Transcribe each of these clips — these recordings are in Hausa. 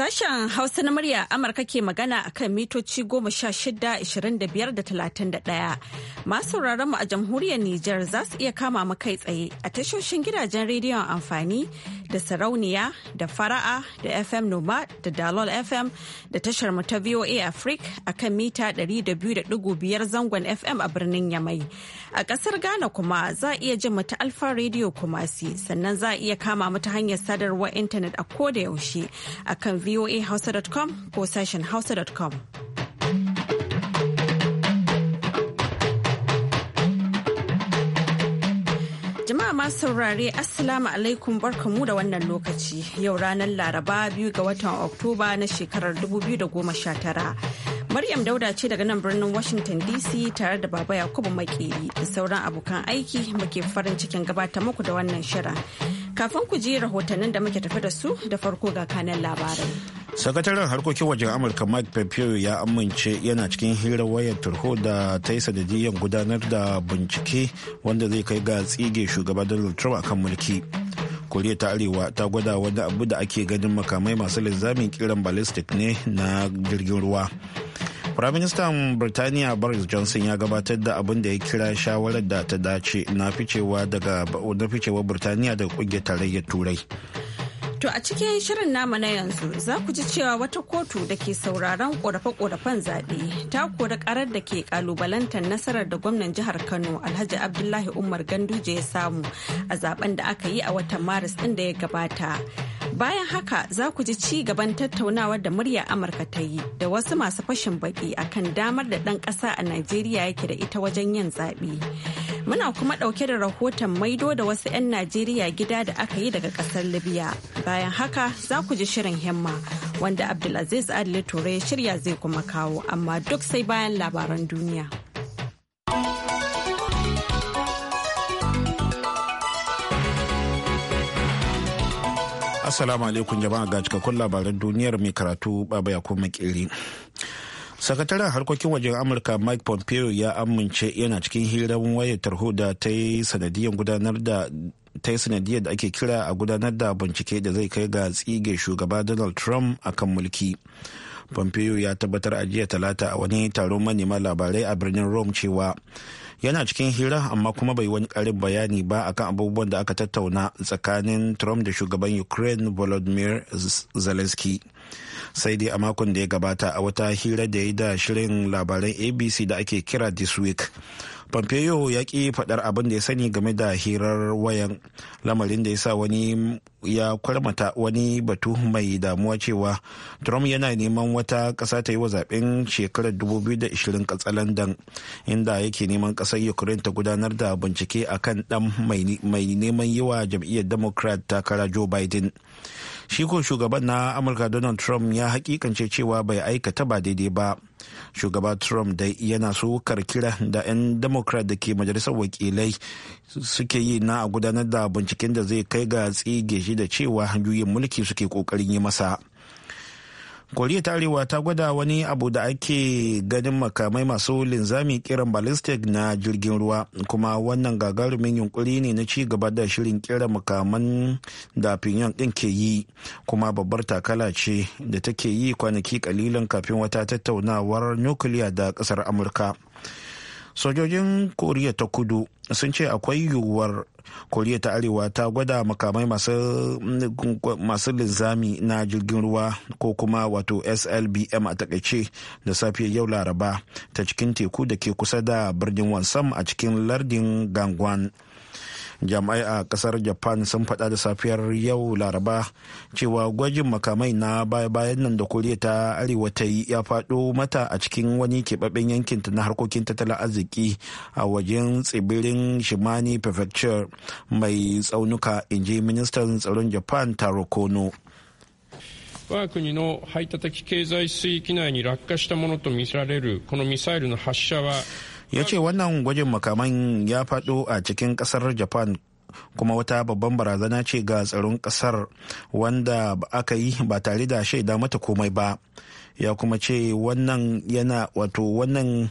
Sashen Hausa na murya Amurka ke magana a kan mitoci goma sha shida, ishirin da biyar da ɗaya. Masu mu a jamhuriyar Nijar za su iya kama mu kai tsaye a tashoshin gidajen rediyon amfani da sarauniya da fara'a da FM Noma da Dalol FM da tashar mu ta VOA Africa a kan mita 200.5 zangon FM a birnin Yamai. A ƙasar Ghana kuma za a iya jin mu ta Alfa Radio Kumasi sannan za a iya kama mu ta hanyar sadarwar intanet a koda yaushe a kan voahausa.com ko sashen hausa.com. Jama'a masu saurare Assalamu alaikum barkamu da wannan lokaci yau ranar Laraba biyu ga watan Oktoba na shekarar 2019. Maryam Dauda ce daga nan birnin Washington DC tare da Baba Yakubu Makeri da sauran abokan aiki muke farin cikin gabata muku da wannan shirin. Kafin ku ji rahotannin da muke tafi da su da farko ga kanan labarin. Sakataren harkokin wajen Amurka Mike Pompeo ya amince yana cikin hirar wayar turho da ta yi sanadiyyar gudanar da bincike wanda zai kai ga tsige shugaba Donald Trump akan mulki. koriya ta arewa ta gwada wani abu da ake ganin makamai masu linzamin kiran ballistic ne na jirgin ruwa Firaministan Birtaniya Boris Johnson ya gabatar da abin da ya kira shawarar da ta dace na ficewa daga na ficewar Birtaniya daga kungiyar tarayyar Turai. To a cikin shirin namu na yanzu za ku ji cewa wata kotu da ke sauraron ƙorafe korafen zaɓe ta kori ƙarar da ke kalubalantar nasarar da gwamnan jihar Kano Alhaji Abdullahi Umar Ganduje ya samu a zaben da aka yi a watan Maris ɗin da ya gabata. Bayan haka za ku ji ci gaban tattaunawar da murya Amurka ta yi da wasu masu fashin baki akan damar da ɗan ƙasa a Najeriya yake da ita wajen yin zaɓe. Muna kuma ɗauke da rahoton maido da wasu 'yan Najeriya gida da aka yi daga ƙasar Libya. Bayan haka za ku ji shirin himma wanda Abdulaziz Adli Ture ya shirya zai kuma kawo amma duk sai bayan labaran duniya. Assalamu alaikum jama'a ga cikakkun labaran duniyar mai karatu baba ya kuma sakataren harkokin wajen amurka mike pompeo ya amince yana cikin hirar wayar tarho da ta yi sanadiyar gudanar da ta yi sanadiyar da ake kira a gudanar da bincike da zai kai ga tsige shugaba donald trump akan mulki pompeo ya tabbatar a jiya talata a wani taron manema labarai a birnin rome cewa yana cikin hira amma kuma bai wani karin bayani ba akan abubuwan da aka tattauna tsakanin trump da shugaban ukraine volodymyr zelensky sai dai a makon da ya gabata a wata hira da ya da shirin labaran abc da ake kira this week pompeo ya ki faɗar abin da ya sani game da hirar wayan lamarin da ya sa wani ya kwarmata wani batu mai damuwa cewa trump yana neman wata ƙasa ta yi wa zaben shekarar 2020 katsalandan inda yake neman ƙasar ukraine ta gudanar da bincike akan dan mai neman yi wa jam'iyyar democrat takara joe biden shi ko shugaban na amurka donald trump ya hakikance cewa bai aikata ba daidai ba shugaba trump dai yana sukar kira da 'yan democrat da ke majalisar wakilai suke yi na a gudanar da binciken da zai kai ga tsige shi da cewa juyin mulki suke kokarin yi masa koriya ta arewa ta gwada wani abu da ake ganin makamai masu linzami kiran ballistic na jirgin ruwa kuma wannan gagarumin yunkuri ne na ci gaba da shirin kira makaman da pinyon din ke yi kuma babbar takala ce da take yi kwanaki kalilan kafin wata tattaunawar nukiliya da kasar amurka sojojin koriya ta kudu sun ce akwai yiwuwar koriya ta arewa ta gwada makamai masu linzami na jirgin ruwa ko kuma wato slbm a takaice da safiya yau laraba ta cikin teku da ke kusa da birnin wansam a cikin lardin gangwan jami'ai a kasar japan sun faɗa da safiyar yau laraba cewa gwajin makamai na baya-bayan nan da koriya ta arewa ta yi ya faɗo mata a cikin wani keɓaɓɓen yankin ta na harkokin tattalin arziki a wajen tsibirin shimani prefecture mai tsaunuka in inji ministan tsaron japan taro kono 我が国の排他的経済水域内に落下したものとみられるこのミサイルの発射は ya ce wannan gwajin makaman ya faɗo a cikin ƙasar japan kuma wata babban barazana ce ga tsaron ƙasar wanda aka yi ba tare da shaida mata komai ba ya kuma ce wannan yana wato wannan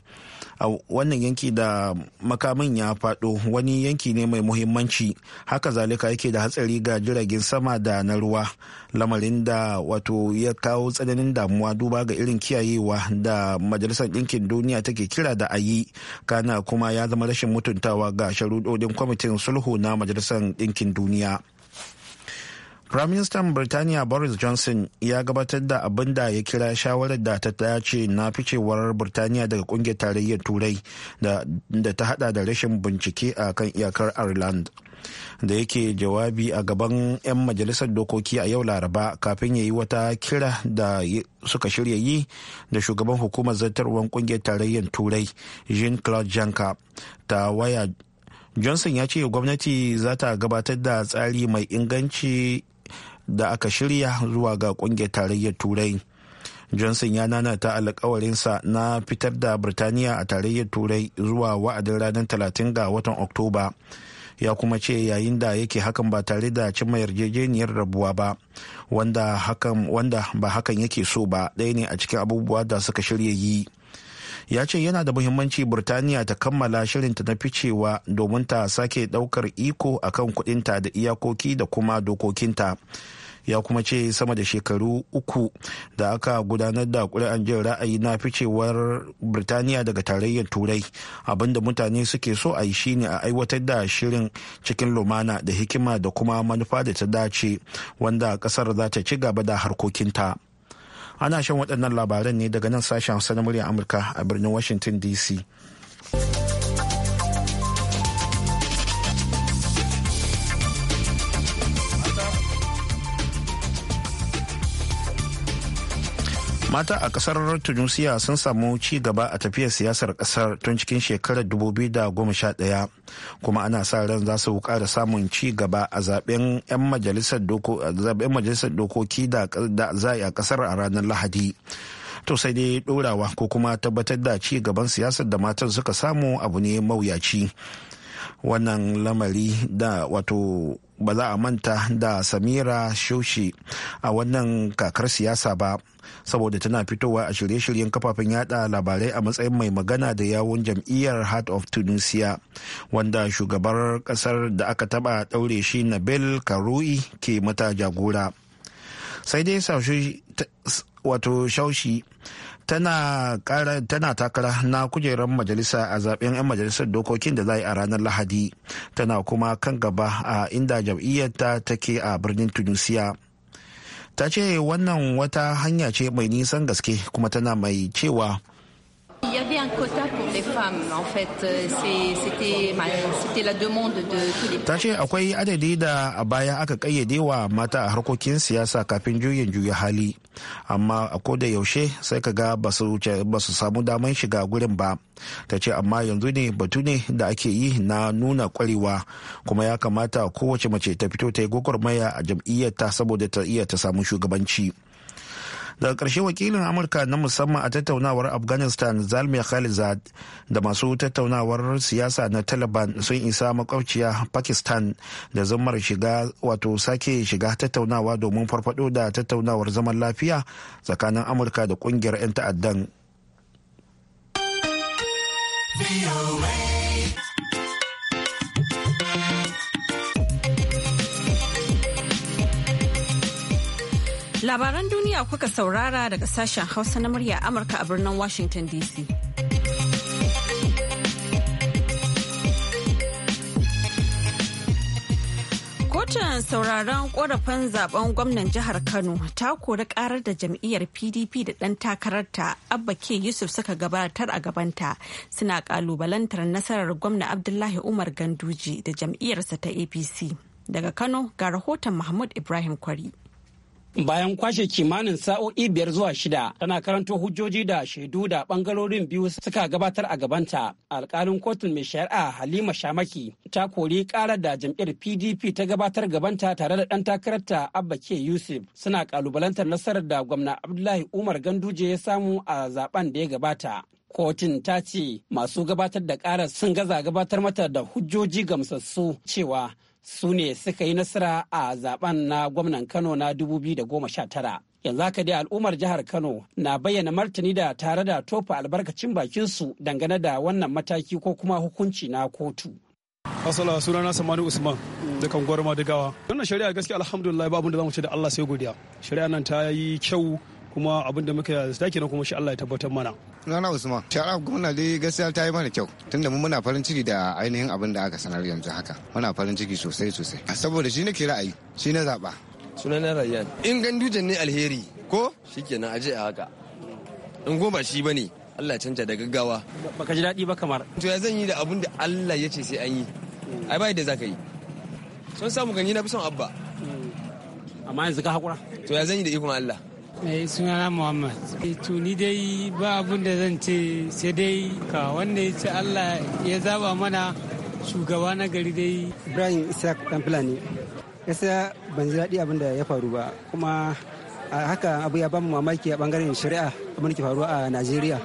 wannan yanki da makamin ya fado wani yanki ne mai muhimmanci haka zalika yake da hatsari ga jiragen sama da na ruwa lamarin da wato ya kawo tsananin damuwa duba ga irin kiyayewa da majalisar ɗinkin duniya take kira da ayi kana kuma ya zama rashin mutuntawa ga sharuɗoɗin kwamitin sulhu na majalisar ɗinkin duniya. Minister Birtaniya Boris Johnson ya gabatar da abin da ya kira shawarar da ta dace na ficewar Birtaniya daga kungiyar tarayyar Turai da ta hada da rashin bincike a kan iyakar Ireland. Da yake jawabi a gaban 'yan majalisar dokoki a yau Laraba kafin ya yi wata kira da suka shirya yi da shugaban hukumar zartarwar kungiyar tarayyar Turai Jean-Claude Juncker ta waya Johnson ya ce gwamnati za ta gabatar da tsari mai inganci da aka shirya zuwa ga kungiyar tarayyar turai johnson ya nanata alkawarinsa na fitar da birtaniya a tarayyar turai zuwa wa'adin ranar 30 ga watan oktoba ya kuma ce yayin da yake hakan ba tare da cimma yarjejeniyar rabuwa ba wanda hakan wanda ba hakan yake so ba ɗaya ne a cikin abubuwa da suka shirya yi ya ce yana da muhimmanci birtaniya ta kammala shirinta na ficewa domin ta sake ɗaukar iko akan kuɗinta da iyakoki da kuma dokokinta ya kuma ce sama da shekaru uku da aka gudanar da kuri'an jin ra'ayi na ficewar birtaniya daga tarayyar turai abinda mutane suke so a yi shine a aiwatar da shirin cikin lumana da hikima da kuma manufa da ta dace wanda ƙasar za ta ci gaba da harkokinta ana shan waɗannan labaran ne daga nan sashen hausa na murya amurka a birnin washington dc mata a kasar tunisia sun samu ci gaba a tafiyar siyasar kasar tun cikin shekarar 2011 kuma ana sa ran za su kara samun ci gaba a zaben 'yan majalisar dokoki da za a kasar a ranar lahadi to sai dai dorawa ko kuma tabbatar da ci gaban siyasar da matan suka samu abu ne mawuyaci wannan lamari da wato ba za a manta da samira shoshi a wannan kakar siyasa ba saboda tana fitowa a shirye-shiryen kafafen yada labarai a matsayin mai magana da yawon jam'iyyar heart of tunisia wanda shugabar kasar da aka taba daure shi nabil karoui ke mata jagora sai dai wato shaushi tana takara na kujerar majalisa a zaben 'yan majalisar dokokin da za a ranar lahadi tana kuma kan gaba a inda jam'iyyarta take a birnin tunisia ta ce wannan wata hanya ce mai nisan gaske kuma tana mai cewa avait un quota pour les femmes, en fait. Euh, c'était la demande de tous les Ta ce akwai adadi da a baya aka kayyade wa mata a harkokin siyasa kafin juyin juya hali, amma a da yaushe sai ka ga ba su samu damar shiga gurin ba. Ta ce amma yanzu ne batu ne da ake yi na nuna kwarewa kuma ya kamata kowace mace ta fito ta yi gwagwarmaya a jam'iyyar ta saboda ta iya ta samu shugabanci. daga ƙarshe wakilin amurka na musamman a tattaunawar afghanistan zalmi khalizad da masu tattaunawar siyasa na taliban sun isa makwabciya pakistan da zammar shiga wato sake shiga tattaunawa domin farfado da tattaunawar zaman lafiya tsakanin amurka da ƙungiyar 'yan ta'addan. Labaran duniya kuka saurara daga sashen Hausa na murya Amurka a birnin Washington DC. Kotun sauraron korafin zaben gwamnan jihar Kano ta kori karar da jam'iyyar PDP da ɗan takararta Abba K. Yusuf suka gabatar a gabanta suna kalubalantar nasarar gwamna Abdullahi Umar Ganduji da jam'iyyarsa ta APC. Daga Kano ga rahoton Mahmud Ibrahim Kwari. bayan kwashe kimanin sa'o'i biyar zuwa shida tana karanto hujjoji da shaidu da bangarorin biyu suka gabatar a gabanta alkalin kotun mai shari'a halima shamaki ta kori karar da jam'iyyar pdp ta gabatar gabanta tare da ɗan takararta abba ke yusuf suna kalubalantar nasarar da gwamna abdullahi umar ganduje ya samu a zaben da ya gabata kotun ta ce masu gabatar da karar sun gaza gabatar mata da hujjoji gamsassu cewa su ne suka yi nasara a zaben na gwamnan Kano na 2019. Yanzu haka dai al'ummar jihar Kano na bayyana martani da tare da tofa albarkacin bakinsu dangane da wannan mataki ko kuma hukunci na kotu. Asala na Samani Usman kan gwarma digawa. Wannan shari'a gaskiya alhamdulillah babu da zamu ce da Allah sai godiya. Shari'a nan ta yi kyau kuma abin da muka da kenan kuma shi Allah ya tabbatar mana. sunana usman shara gwamna dai gaskiya ta yi mana kyau tunda mun muna farin ciki da ainihin abin da aka sanar yanzu haka muna farin ciki sosai sosai saboda shi nake ra'ayi shi na zaɓa sunana rayyan in gandujan ne alheri ko shikenan aje a haka in goma shi bane Allah ya canja da gaggawa baka ji daɗi ba kamar to ya zan yi da abin da Allah ya ce sai an yi ai bai da ka yi sun samu ganye na fi son abba amma yanzu ka haƙura. to ya zan yi da ikon Allah Eh, suna na Muhammad. Eh, to ni dai ba abin da zan ce sai dai ka wanda ya ce Allah ya zaba mana shugaba na gari dai. Ibrahim Isaac dan Fulani. sa ban ji daɗi abin da ya faru ba kuma haka abu ya ban mamaki a bangaren shari'a abin da ke faruwa a Najeriya.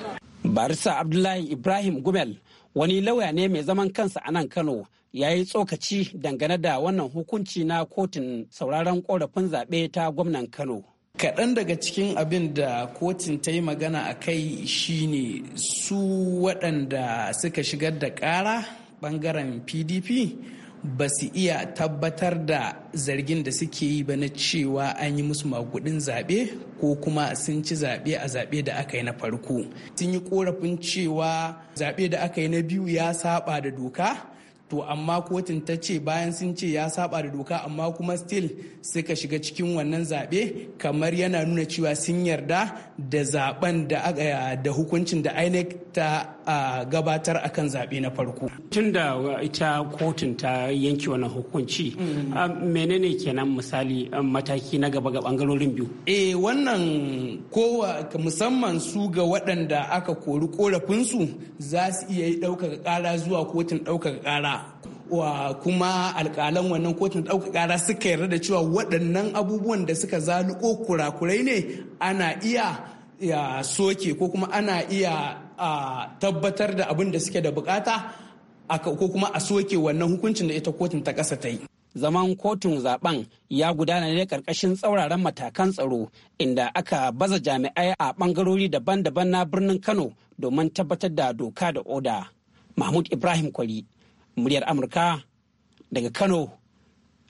Barisa Abdullahi Ibrahim Gumel wani lauya ne mai zaman kansa a nan Kano ya yi tsokaci dangane da wannan hukunci na kotun sauraron korafin zaɓe ta gwamnan Kano. kaɗan daga cikin abin da kotun ta yi magana a kai shine su waɗanda suka shigar da ƙara ɓangaren pdp ba su iya tabbatar da zargin da suke yi ba na cewa an yi musu magudin zaɓe ko kuma sun ci zaɓe a zaɓe da aka yi na farko sun yi korafin cewa zaɓe da aka yi na biyu ya saba da doka to amma kotun ta ce bayan sun ce ya saba da doka amma kuma still suka shiga cikin wannan zaɓe kamar yana nuna cewa sun yarda da zaben da da hukuncin da INEC ta a gabatar a kan zaɓe na farko. Tun da ita kotun ta yanke wannan hukunci, mm. menene kenan misali mataki na gaba ga bangarorin biyu? E wannan kowa musamman su ga waɗanda aka kori korafinsu za su iya yi ɗaukaka ƙara zuwa kotun ɗaukaka ƙara. wa kuma alkalan wannan kotun ɗauka ƙara suka yarda da cewa waɗannan abubuwan da suka zaluko kurakurai ne ana iya soke ko kuma ana iya a tabbatar da abin da suke da bukata ko kuma a soke wannan hukuncin da ita kotun ta kasa ta yi. Zaman kotun zaben ya gudana ne karkashin tsauraran matakan tsaro inda aka baza jami'ai a bangarori daban-daban na birnin Kano domin tabbatar da doka da oda. Mahmud Ibrahim Kwari, muryar Amurka daga Kano,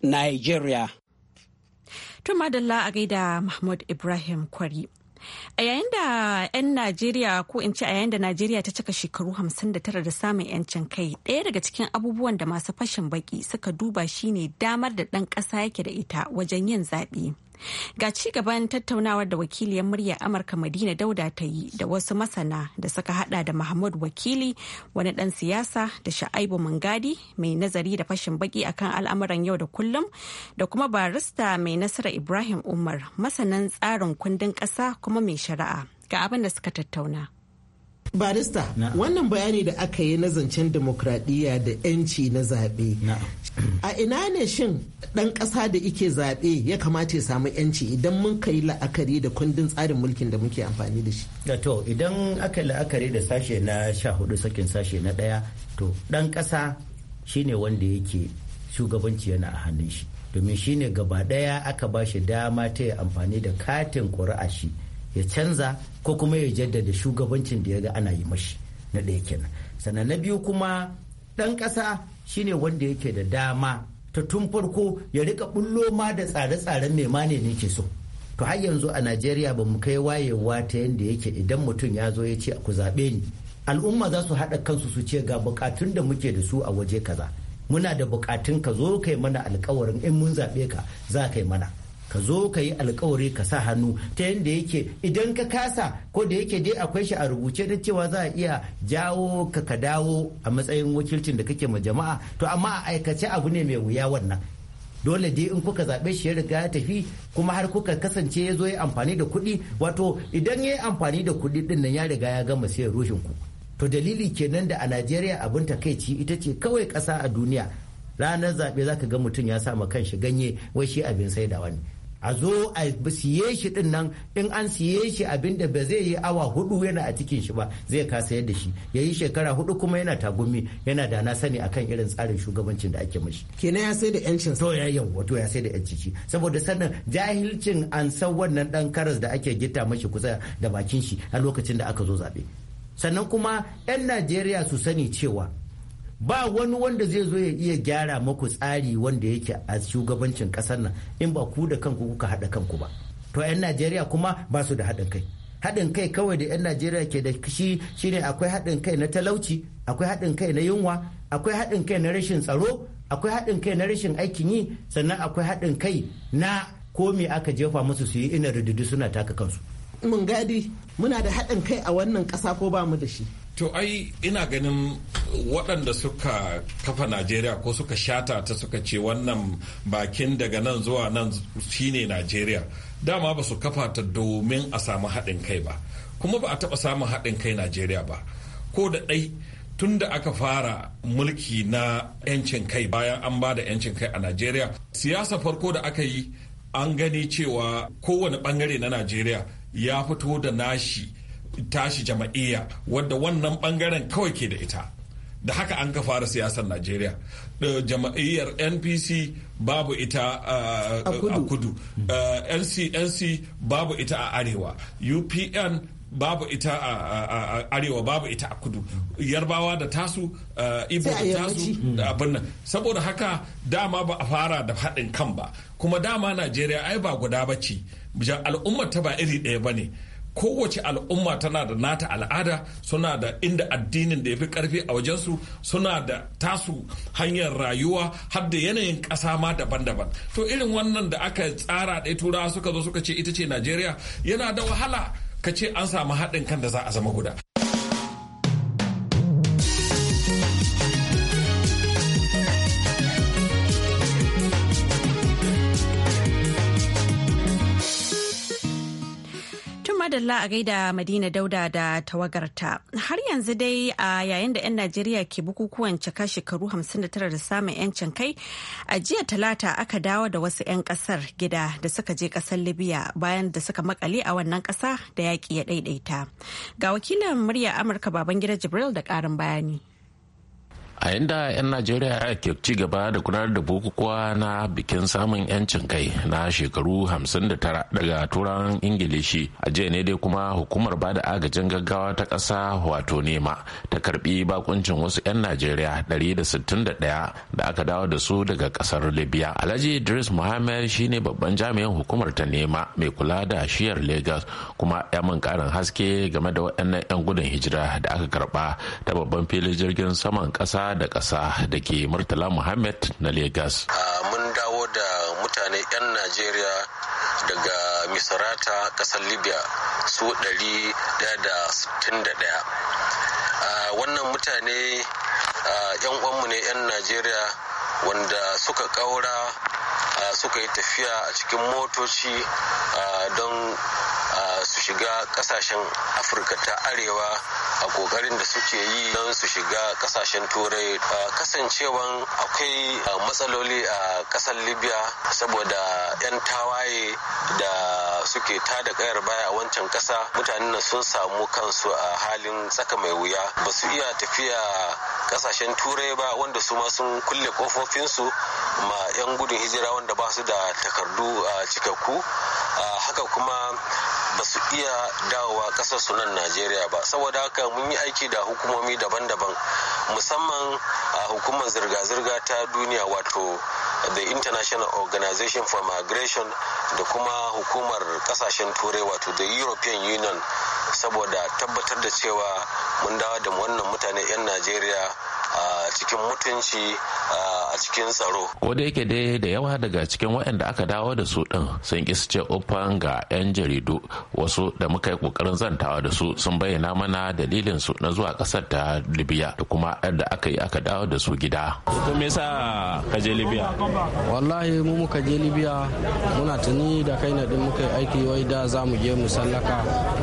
Nigeria. Tun madalla a gaida Mahmud Ibrahim Kwari. A yayin da 'yan Najeriya ko in ce a yayin da Najeriya ta cika shekaru 59 da samun 'yancin kai, ɗaya daga cikin abubuwan da masu fashin baki suka duba shine damar da ɗan ƙasa yake da ita wajen yin zaɓe. Ga ci gaban tattaunawar da wakiliyar murya Amurka Madina Dauda ta yi da wasu masana da suka hada da Mahmud Wakili wani dan siyasa da Sha'aibu Mangadi mai nazari da fashin baki akan al'amuran yau da kullum da kuma barista mai nasara Ibrahim Umar masanan tsarin kundin ƙasa kuma mai shari'a ga abin da suka tattauna. barista wannan bayani da aka yi na zancen demokradiyya da 'yanci na zaɓe a ina ne shin ɗan ƙasa da ike zaɓe ya kamata ya samu 'yanci idan mun kai la'akari da kundin tsarin mulkin da muke amfani da shi da to idan aka yi la'akari da sashe na sha hudu sakin sashe na ɗaya to ɗan ƙasa shine wanda yake shugabanci yana a hannun shi domin shine gaba ɗaya aka ba shi dama ta amfani da katin ƙuri'a shi ya canza ko kuma ya jaddada shugabancin da ya ga ana yi mashi na ɗaya kenan sannan na biyu kuma ɗan ƙasa shine wanda yake da dama ta tun farko ya rika bullo ma da tsare-tsaren mai mane ne ke so to har yanzu a najeriya ba mu kai wayewa ta yadda yake idan mutum ya zo ya ce ku zaɓe ni al'umma za su haɗa kansu su ce ga bukatun da muke da su a waje kaza muna da bukatun ka zo kai mana alkawarin in mun zaɓe ka za kai mana ka zo ka yi alkawari ka sa hannu ta yadda yake idan ka kasa ko da yake dai akwai shi a rubuce da cewa za a iya jawo ka ka dawo a matsayin wakilcin da kake ma jama'a to amma a aikace abu ne mai wuya wannan dole dai in kuka zaɓe shi ya riga ya tafi kuma har kuka kasance ya zo ya amfani da kuɗi wato idan ya yi amfani da kuɗi ɗin nan ya riga ya gama sai rushin ku to dalili kenan da a najeriya abin takaici ita ce kawai ƙasa a duniya ranar zaɓe za ka ga mutum ya sa ma kanshi ganye wai shi abin sai da wani. a zo a siye shi din nan in an siye shi abin da ba zai yi awa hudu yana a cikin shi ba zai kasa yadda shi ya yi shekara hudu kuma yana tagumi yana da na sani akan irin tsarin shugabancin da ake mashi kenan ya sai da yancin to ya yau wato ya sai da yancin shi saboda sannan jahilcin an san wannan dan karas da ake gita mashi kusa da bakin shi a lokacin da aka zo zabe sannan kuma 'yan najeriya su sani cewa ba wani wanda zai zo ya iya gyara maku tsari wanda yake a shugabancin kasar nan in ba ku da kanku kuka haɗa kanku ba to 'yan najeriya kuma ba su da haɗin kai haɗin kai kawai da 'yan najeriya ke da shi shine akwai haɗin kai na talauci akwai haɗin kai na yunwa akwai haɗin kai na rashin tsaro akwai haɗin kai na rashin aikin yi sannan akwai haɗin kai na ko me aka jefa musu su yi ina rududu suna taka kansu mun gadi muna da haɗin kai a wannan ƙasa ko ba mu da shi To ai ina ganin waɗanda suka kafa Najeriya ko suka shata ta suka ce wannan bakin daga nan zuwa nan shine Najeriya dama ba su kafa ta domin a samu haɗin kai ba kuma ba a taɓa samun haɗin kai Najeriya ba ko da ɗai tun da aka fara mulki na 'yancin kai bayan an ba da 'yancin kai a Najeriya siyasa farko da aka yi an gani cewa kowane ɓangare na Najeriya ya fito da nashi tashi jama'iyya wadda wannan bangaren kawai ke da ita da haka an ka fara siyasar najeriya jama'iyyar npc babu ita uh, a kudu uh, ncnc babu ita a arewa upn babu ita a arewa babu ita a kudu yarbawa da tasu uh, ibo da tasu da abinnan saboda haka dama ba a fara da haɗin kan ba kuma dama najeriya ai ba guda ba ce al'ummar ta ba iri ɗaya ba ne kowace al'umma tana da nata al'ada suna da inda addinin da ya fi karfi a wajensu suna da tasu hanyar rayuwa har da yanayin ƙasa ma daban-daban to irin wannan da aka tsara ɗaya turawa suka zo suka ce ita ce najeriya yana da wahala ka ce an samu haɗin kan da za a zama guda madalla a gaida Madina Dauda da tawagarta. Har yanzu dai a yayin da 'yan Najeriya ke bukukuwan cika shekaru 59 da samun 'yancin kai, a jiya talata aka dawo da wasu 'yan kasar gida da suka je kasar Libya bayan da suka makale a wannan kasa da yaƙi ya ɗaiɗaita. Ga wakilin murya Amurka Babangida Jibril da ƙarin bayani. a inda 'yan najeriya ke ci gaba da gudanar da bukukuwa na bikin samun 'yancin kai na shekaru 59 daga turan ingilishi a jiya ne dai kuma hukumar bada agajin gaggawa ta ƙasa wato nema ta karbi bakuncin wasu 'yan najeriya 161 da aka dawo da su daga ƙasar libya alhaji idris muhammad shine babban jami'in hukumar ta nema mai kula da shiyar lagos kuma ya min karin haske game da waɗannan 'yan gudun hijira da aka karba ta babban filin jirgin saman ƙasa da ƙasa da ke Murtala Muhammad na Legas. Mun dawo da mutane 'yan Najeriya daga Misrata ƙasar Libya su 161. Wannan mutane 'yan uwanmu ne 'yan Najeriya wanda suka ƙaura suka yi tafiya a cikin motoci don su shiga kasashen afirka ta arewa a kokarin da suke yi don su shiga kasashen turai kasancewan akwai matsaloli a kasar libya saboda 'yan tawaye da suke tada kayar baya a wancan kasa mutanen nan sun samu kansu a halin tsaka mai wuya ba su iya tafiya kasashen turai ba wanda su ma sun kulle kofofinsu ma 'yan gudun hijira wanda ba su da takardu a cikakku haka kuma ba su iya dawowa kasar su nan najeriya ba saboda haka mun yi aiki da hukumomi daban-daban musamman a hukumar zirga-zirga ta duniya wato the international organization for migration da kuma hukumar kasashen turai wato the european union saboda tabbatar da cewa mun dawo da wannan mutane 'yan najeriya cikin mutunci a cikin tsaro. Ko da yake dai da yawa daga cikin waɗanda aka dawo da su ɗin sun ƙi su ce ofan ga 'yan jaridu wasu da muka yi ƙoƙarin zantawa da su sun bayyana mana dalilin su na zuwa ƙasar ta Libya da kuma da aka yi aka dawo da su gida. Ko me yasa ka je Libya? Wallahi mu muka je Libya muna tuni da kai na din muka yi aiki wai da za mu je mu sallaka.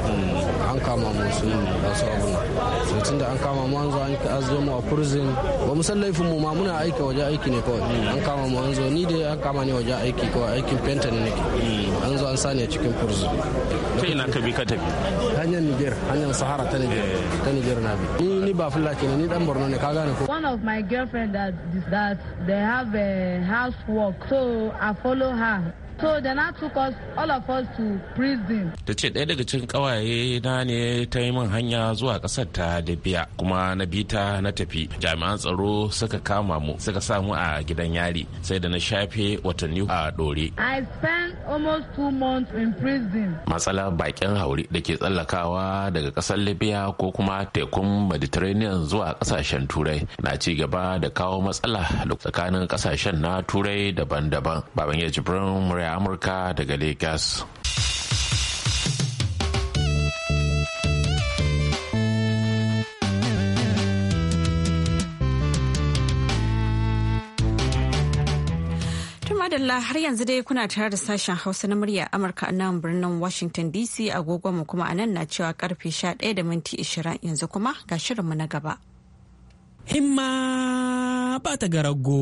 Hmm. an kama mu sun wasu abin so tun da an kama mu an zo an azo mu a prison ba mu san laifin mu ma muna aika waje aiki ne kawai an kama mu an zo ni da an kama ne waje aiki kawai aikin penta ne nake an zo an sani a cikin prison ta ina ka bi ka tafi hanyar niger hanyar sahara ta niger ta niger na bi ni ni ba fulla kenan ni dan borno ne ka gane ko one of my girlfriend that that they have a housework so i follow her So da na took us, all of us to prison. Ta ce ɗaya daga cikin ƙawaye na ne ta yi min hanya zuwa ƙasar ta da biya kuma na bi ta na tafi. Jami'an tsaro suka kama mu suka sa mu a gidan yari sai da na shafe watanni a ɗore. I spent almost two months in prison. matsalar bakin hauri da ke tsallakawa daga ƙasar Libya ko kuma tekun Mediterranean zuwa ƙasashen Turai na ci gaba da kawo matsala tsakanin ƙasashen na Turai daban-daban. Baban ya jibrin murya amurka daga lagos madalla har yanzu dai kuna tare da sashen hausa na murya amurka a nan birnin washington dc agogonmu kuma a nan na cewa karfe 11 da minti 20 yanzu kuma ga shirinmu na gaba himma ba ta garago.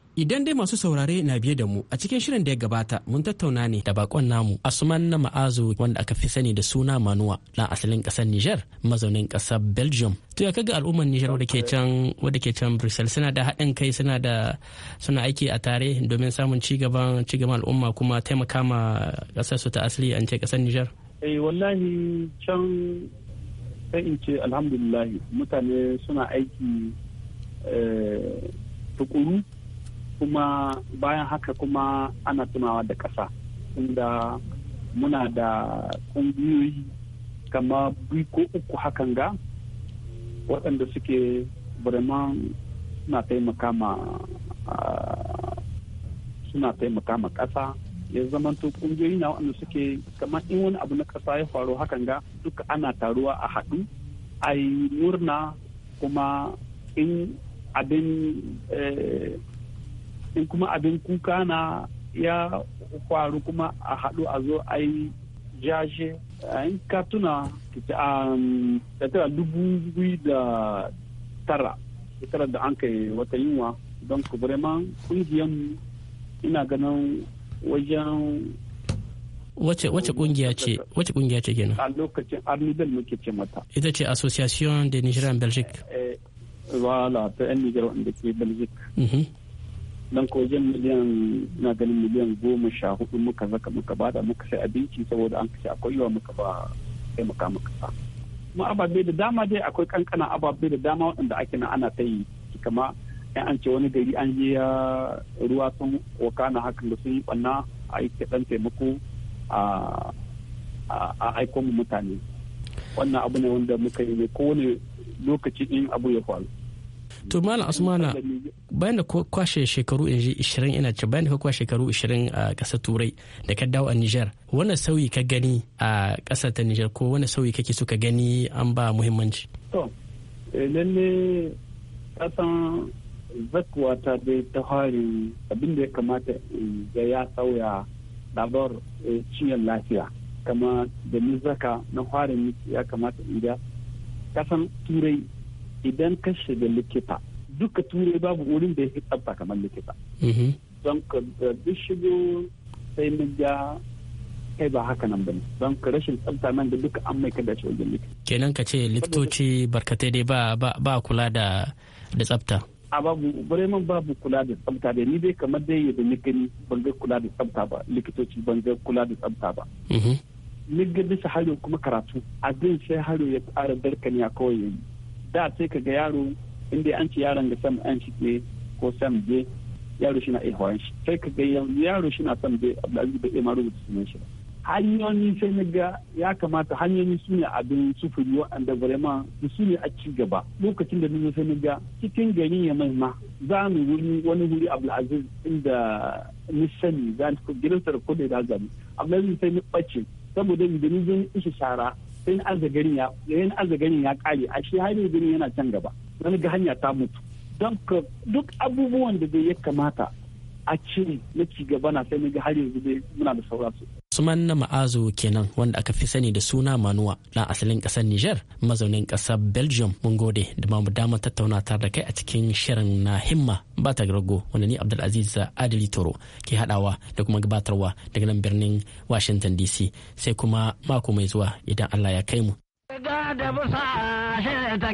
Idan dai masu saurare na biye da mu a cikin shirin da ya gabata mun tattauna ne da bakon namu Asuman na ma'azu. wanda aka fi sani da suna Manuwa na asalin kasar Niger mazaunin kasar Belgium. To ya kaga al'ummar Niger wadda ke can wadda ke can Brussels suna da haɗin kai suna da suna aiki a tare domin samun ci gaban ci gaban al'umma kuma taimaka ma kasar su ta asali an ce kasar Niger. Eh wallahi can sai in ce alhamdulillah mutane suna aiki eh, tukuru kuma bayan haka kuma ana tunawa da ƙasa inda muna da ƙungiyoyi kama biyu ko uku hakan ga waɗanda suke vraiment suna taimaka ma suna taimaka ma ƙasa ya to ƙungiyoyi na waɗanda suke kama in wani abu na ƙasa ya faru hakan ga duka ana taruwa a haɗu a yi murna kuma in abin eh, in kuma abin kuka na ya faru kuma a haɗu a zo a yi jashe in ka tuna um, da tara dubu biyu da tara tattara da an kai wata yunwa don ku vraiment kungiyan ina ganin wajen wace kungiya ce kenan a lokacin arnibel muke ce mata ita ce association de nigerian belgique eh, voilà ta yan nigeria wanda ke belgique mhm. dan kogin miliyan na ganin miliyan goma sha hudu muka zaka muka bada muka sai abinci saboda an kashe akwai yawa muka ba sai muka sa kuma ababe da dama dai akwai kankana ababe da dama waɗanda ake na ana ta yi kama yan an ce wani gari an je ya ruwa sun wakana hakan da sun yi ɓanna a yi ɗan taimako a aiko mu mutane wannan abu ne wanda muka yi ne kowane lokaci in abu ya faru to malam asmana bayan da kwashe shekaru ji 20 ina ce bayan da ka kwashe shekaru 20 a ƙasar turai da ka dawo a niger wani sauyi ka gani a ƙasar ta niger ko wani sauyi kake so ka gani an ba muhimmanci to eh, lalle kasan zakuwa ta dai ta hari abin da ya kamata da ya sauya dabar eh, ciyan lafiya kama da zaka na hari ya kamata in kasan turai idan ka shiga likita duka turai babu wurin da ya fi tsabta kamar likita mhm. don ka duk shigo sai mu ga kai ba haka nan bane don ka rashin tsabta nan da duka an mai kada wajen likita kenan ka ce likitoci barkatai dai ba ba kula da da tsabta a babu bremen babu kula da tsabta da ni dai kamar dai yadda ni gani bangar kula da tsabta ba likitoci bangar kula da tsabta ba mhm. ni ga bisa kuma karatu A abin sai harin ya barkani a kawai yayi da sai ka ga yaro inda an ci yaron da sam an shi ko sam je yaro shi na iya hawan shi sai ka ga yaro shi na sam je abdulaziz bai iya ma rubuta sunan shi ba hanyoyi sai na ga ya kamata hanyoyi su ne abin sufuri waɗanda vraiment da su ne a ci gaba lokacin da nuna sai na ga cikin gari ya ma. za mu wuri wani wuri abdulaziz inda ni sani za ni gidansa da kodai da zami abdulaziz sai ni ɓace saboda ni da ni zan ishi shara sai na ya kare a shi har garin yana can gaba wani ga hanya ta mutu don duk abubuwan da zai ya kamata a ce na ci gaba na sai na ga har yanzu muna da sauransu Usman na ma'azo kenan wanda aka fi sani da suna Manuwa na asalin ƙasar Nijar mazaunin ƙasar Belgium mun gode da mu dama tattauna tare da kai a cikin shirin na himma ba ta rago wanda ni Abdulaziz Adili Toro ke hadawa da kuma gabatarwa daga nan birnin Washington DC sai kuma mako mai zuwa idan Allah ya kai mu. Da da ta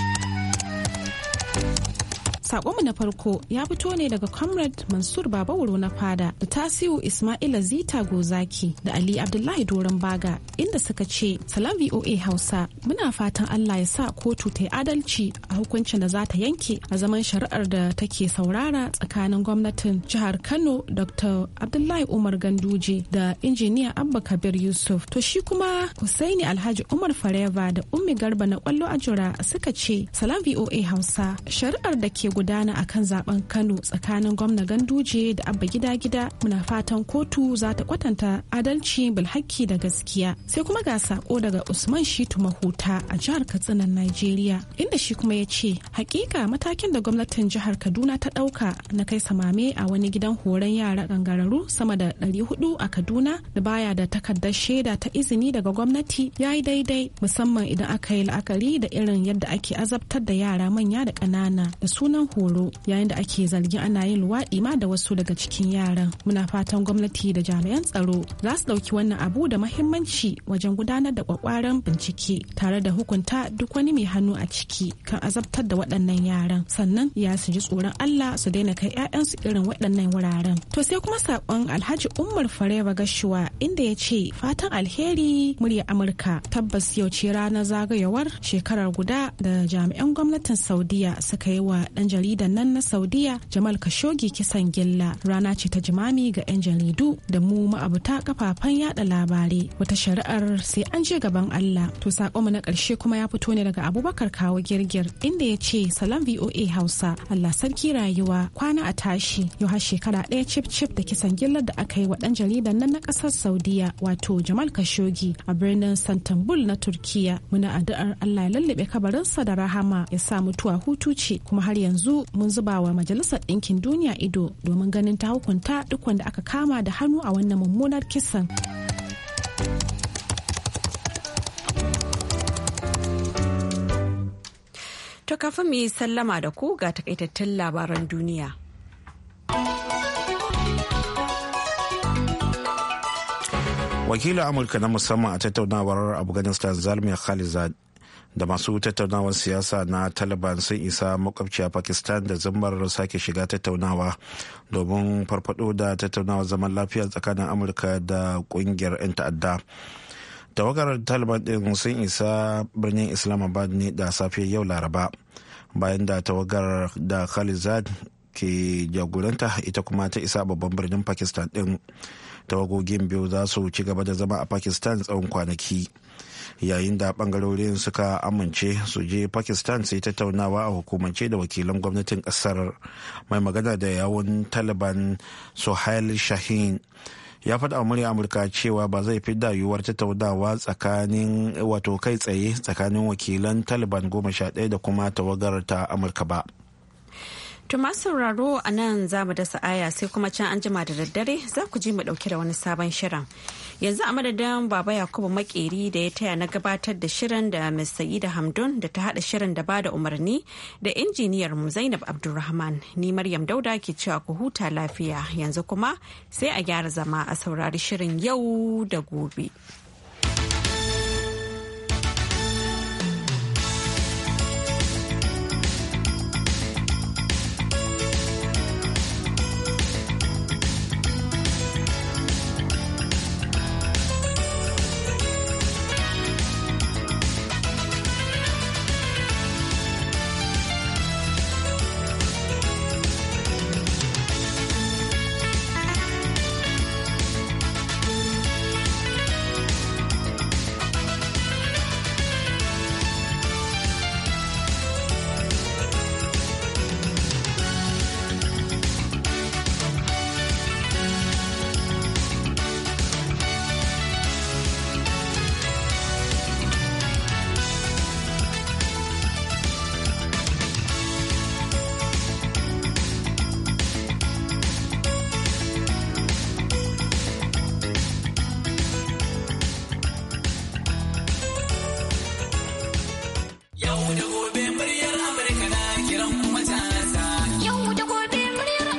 Sakonmu na farko ya fito ne daga Comrade Mansur Baba Wuro na Fada da Tasiu Ismaila Zita Gozaki da Ali Abdullahi Doron Baga inda suka ce Salam VOA Hausa muna fatan Allah ya sa kotu ta yi adalci a hukuncin da za ta yanke a zaman shari'ar da take saurara tsakanin gwamnatin jihar Kano Dr. Abdullahi Umar Ganduje da injiniya Abba Kabir Yusuf to shi kuma Husaini Alhaji Umar Fareva da Ummi Garba na kwallo ajura suka ce Salam VOA Hausa shari'ar da ke gudana a kan zaben Kano tsakanin gwamna Ganduje da Abba Gida Gida muna fatan kotu za ta kwatanta adalci bilhaki da gaskiya. Sai kuma ga sako daga Usman Shitu Mahuta a jihar katsinan nigeria inda shi kuma ya ce hakika matakin da gwamnatin jihar Kaduna ta dauka na kai samame a wani gidan horon yara gangararu sama da 400 a Kaduna da baya da takardar shaida ta izini daga gwamnati ya yi daidai musamman idan aka yi la'akari da irin yadda ake azabtar da yara manya da ƙanana da sunan horo yayin da ake zargin ana yin luwaɗi ma da wasu daga cikin yaran muna fatan gwamnati da jami'an tsaro za su ɗauki wannan abu da mahimmanci wajen gudanar da kwakwaran bincike tare da hukunta duk wani mai hannu a ciki kan azabtar da waɗannan yaran sannan ya su ji tsoron Allah su daina kai 'ya'yansu irin waɗannan wuraren to sai kuma saƙon alhaji umar fareba gashuwa inda ya ce fatan alheri murya amurka tabbas yau ce ranar zagayowar shekarar guda da jami'an gwamnatin saudiya suka yi wa ɗan jaridar nan na Saudiya Jamal kashogi kisan gilla rana ce ta jimami ga 'yan jaridu da mu ma'abuta kafafen yada labarai wata shari'ar sai an je gaban Allah. To mu na karshe kuma ya fito ne daga Abubakar Kawo Girgir inda ya ce salam VOA Hausa Allah sarki rayuwa kwana a tashi yau har shekara ɗaya cif cif da kisan gillar da aka yi wa ɗan jaridar nan na ƙasar Saudiya wato Jamal kashogi a birnin santanbul na Turkiya muna addu'ar Allah ya lallabe kabarinsa da rahama ya sa mutuwa hutu ce kuma har yanzu yanzu mun zuba wa majalisar ɗinkin duniya ido domin ganin ta hukunta duk wanda aka kama da hannu a wannan mummunar kisan. To kafin mu yi sallama da ku ga takaitattun labaran duniya. Wakilin Amurka na musamman a tattaunawar Afghanistan Zalmi Khalizad da masu tattaunawar siyasa na taliban sun isa makwabciya pakistan da zimmar sake shiga tattaunawa domin farfado da tattaunawar zaman lafiya tsakanin amurka da kungiyar 'yan ta'adda tawagar taliban din sun isa birnin islamabad ne da safiyar yau laraba bayan da tawagar da khalizad ke jagoranta ita kuma ta isa babban birnin pakistan din tawagogin biyu za su ci gaba da zama a pakistan tsawon kwanaki yayin da bangarorin suka amince su je pakistan su yi tattaunawa a hukumance da wakilan gwamnatin kasar mai magana da yawon taliban sohail shahin ya faɗa murya amurka cewa ba zai fi dayuwar tattaunawa tsakanin wato kai tsaye tsakanin wakilan taliban goma sha ɗaya da kuma tawagar ta amurka ba Tuma sauraro a nan za mu dasa aya sai kuma can an jima da daddare za ku ji mu dauke da wani sabon shirin. Yanzu a madadin Baba Yakubu Makeri da ya taya na gabatar da shirin da Ms. Sa'ida Hamdun da ta haɗa shirin da bada umarni da injiniyar mu Zainab Abdulrahman ni Maryam Dauda ke cewa ku huta lafiya yanzu kuma sai a gyara zama a saurari shirin yau da gobe.